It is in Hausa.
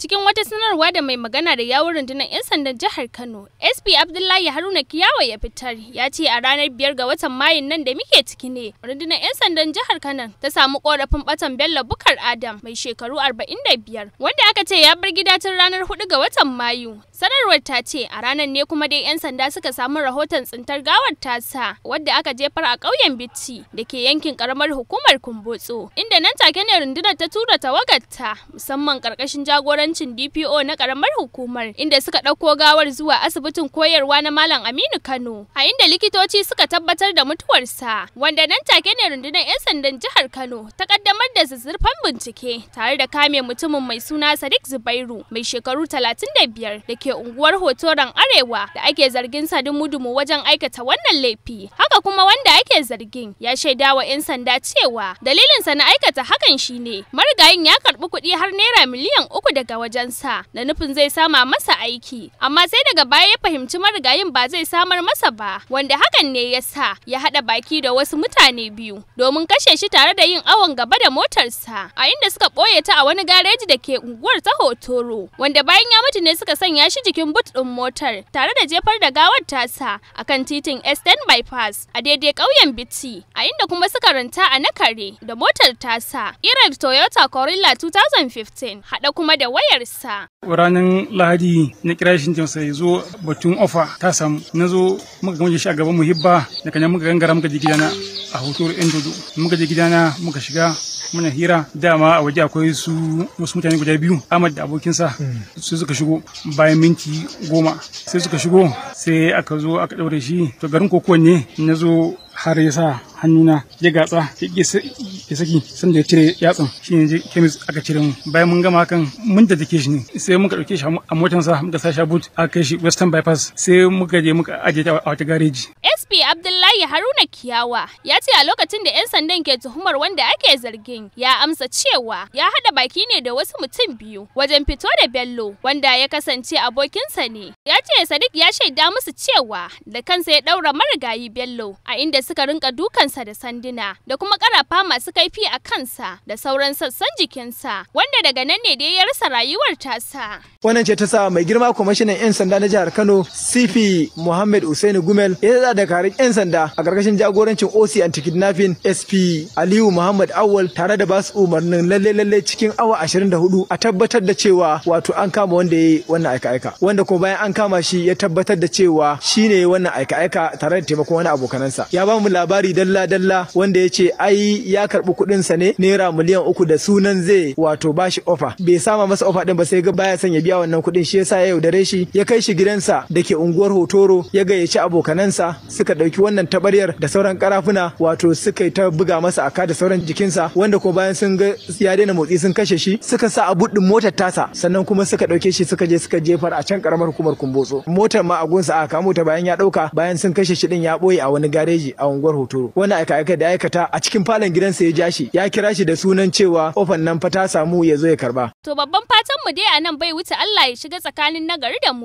cikin wata sanarwa da mai magana da yawun rundunar 'yan sandan jihar kano sp abdullahi haruna kiyawa ya fitar ya ce a ranar biyar ga watan mayun nan da muke ciki ne rundunar 'yan sandan jihar kano ta samu korafin batan bello bukar adam mai shekaru 45 wanda aka ce ya bar gida tun ranar 4 ga watan mayu sanarwar ta ce a ranar ne kuma dai 'yan sanda suka samu rahoton tsintar gawar tasa wadda aka jefar a ƙauyen bitti da ke yankin karamar hukumar kumbotso inda nan take ne rundunar ta tura tawagarta musamman ƙarƙashin jagorancin dpo na karamar hukumar inda suka ɗauko gawar zuwa asibitin koyarwa na malam aminu kano a inda likitoci suka tabbatar da mutuwarsa wanda nan take ne rundunar 'yan sandan jihar kano ta ƙaddamar da zuzzurfan bincike tare da kame mutumin mai suna sadiq zubairu mai shekaru 35 da ke ke unguwar hotoron Arewa da ake zargin sadin Mudumu wajen aikata wannan laifi. Haka kuma wanda ake zargin ya shaida wa 'yan sanda cewa dalilinsa na aikata hakan shine marigayin ya karɓi kuɗi har naira miliyan uku daga wajensa da nufin zai sama masa aiki. Amma sai daga baya ya fahimci marigayin ba zai samar masa ba wanda hakan ne ya sa ya haɗa baki da wasu mutane biyu domin kashe shi tare da yin awon gaba da motarsa a inda suka ɓoye ta a wani gareji da ke unguwar ta Hotoro wanda bayan ya mutu ne suka sanya shi shi jikin but ɗin motar tare da jefar da gawar tasa a kan titin Eastern Bypass a daidai ƙauyen Bitti a inda kuma suka ranta a Nakare da motar tasa irin Toyota Corolla 2015 hada kuma da wayarsa. Ranar Lahadi na kira shi sai zo batun ofa ta samu na zo muka gama shi a gaban muhibba da kanyar muka gangara muka ji gidana a hoto 'yan dudu muka ji gidana muka shiga muna hira dama a waje akwai su wasu mutane guda biyu Ahmad da abokinsa hmm. sai suka shigo bayan minti goma sai suka shigo sai aka zo aka daure shi to garin kokowanne ne na zo har ya sa hannuna ya gatsa ke saki sanda ya cire yatsan shi ne kemis aka cire mu bayan mun gama hakan mun da dake shi ne sai muka dauke shi a motar sa muka sa shi boot aka kai shi western bypass sai muka je muka aje ta a wata gareji SP Abdullahi Haruna Kiyawa ya ce a lokacin da 'yan sandan ke tuhumar wanda ake zargin ya amsa cewa ya hada baki ne da wasu mutum biyu wajen fito da Bello wanda ya kasance abokinsa ne ya ce Sadiq ya shaida musu cewa da kansa ya daura marigayi Bello a inda suka rinka dukansa da sanduna da kuma karafa masu kaifi a kansa da sauran sassan jikinsa wanda daga nan ne dai ya rasa rayuwar tasa. Wannan ce ta sa mai girma kwamishinan 'yan sanda na jihar Kano CP Muhammad Usaini Gumel ya zaɗa da karin 'yan sanda a ƙarƙashin jagorancin OC anti SP Aliyu Muhammad Awal tare da basu umarnin lalle lalle cikin awa 24 a tabbatar da cewa wato an kama wanda ya yi wannan aika-aika wanda kuma bayan an kama shi ya tabbatar da cewa shi ne wannan aika-aika tare da taimakon wani abokanansa. Ya ba mu labari dalla-dalla wanda ya ce ai ya karɓi shafi kuɗin sa ne naira miliyan uku da sunan zai wato bashi ofa bai sama masa ofa din ba sai ga baya son ya biya wannan kuɗin shi yasa ya yaudare shi ya kai shi gidansa da ke unguwar hotoro ya gayyaci abokanansa suka ɗauki wannan tabaryar da sauran karafuna wato suka yi ta buga masa aka da sauran jikinsa wanda ko bayan sun ga ya daina motsi sun kashe shi suka sa a buɗin motar tasa sannan kuma suka ɗauke shi suka je suka jefar a can karamar hukumar kumbotso motar ma a gunsa aka kamo ta bayan ya ɗauka bayan sun kashe shi din ya ɓoye a wani gareji a unguwar hotoro wannan aika da aikata a cikin falon gidansa ya ja shi ya kira shi da sunan cewa ofan nan fa ta samu ya zo ya karba. To babban fatan mu dai a nan bai wuce Allah ya shiga tsakanin nagari da mu.